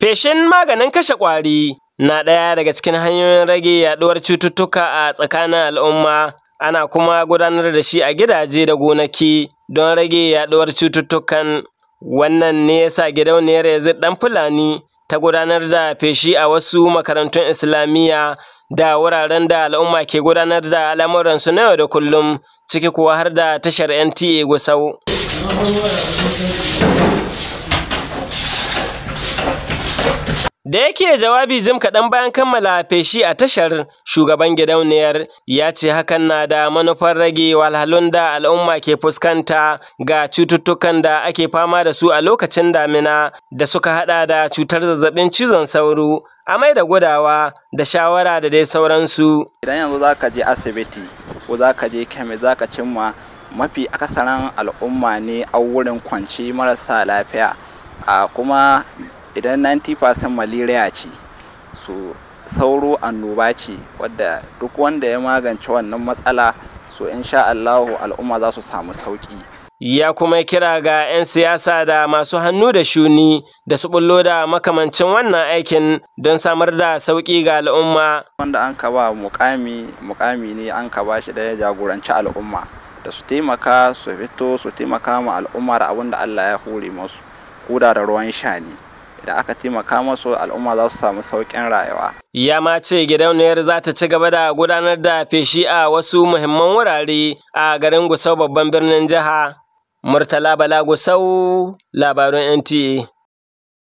Feshin maganin kashe ƙwari na ɗaya daga cikin hanyoyin rage yaɗuwar cututtuka a tsakanin al'umma. Ana kuma gudanar da shi a gidaje da gonaki don rage yaɗuwar cututtukan. Wannan ne ya sa gidauniyar yanzu Ɗan Fulani ta gudanar da feshi a wasu makarantun Islamiyya da wuraren da al'umma ke gudanar da al'amuransu na yau da kullum, ciki kuwa har da tashar NTA Gusau. Da yake jawabi jim kaɗan bayan kammala feshi a tashar, shugaban gidauniyar ya ce hakan na da manufar rage walhalun da al'umma ke fuskanta ga cututtukan da ake fama da su a lokacin damina da suka haɗa da cutar zazzabin cizon sauro, amai da gudawa da shawara da dai sauransu. Idan yanzu za ka je asibiti ko za ka je kame za ka cimma mafi akasaran al'umma ne a wurin kwanci marasa lafiya. a kuma idan 90% malaria ce so sauro annoba ce wadda duk wanda ya magance wannan matsala so sha Allahu al'umma za su samu sauki ya kuma kira ga 'yan siyasa da masu hannu da shuni da su bullo da makamancin wannan aikin don samar da sauki ga al'umma wanda an ka ba mukami mukami ne an ka ba shi da ya jagoranci al'umma da su taimaka su fito su taimaka ma al'ummar abin da Allah ya hore masu koda da ruwan shani. idan aka taimaka masu al'umma za su samu sauƙin rayuwa. Ya ma ce gidauniyar za ta ci gaba da gudanar da feshi a wasu muhimman wurare a garin Gusau babban birnin jiha. Murtala Bala Gusau labarun NTA.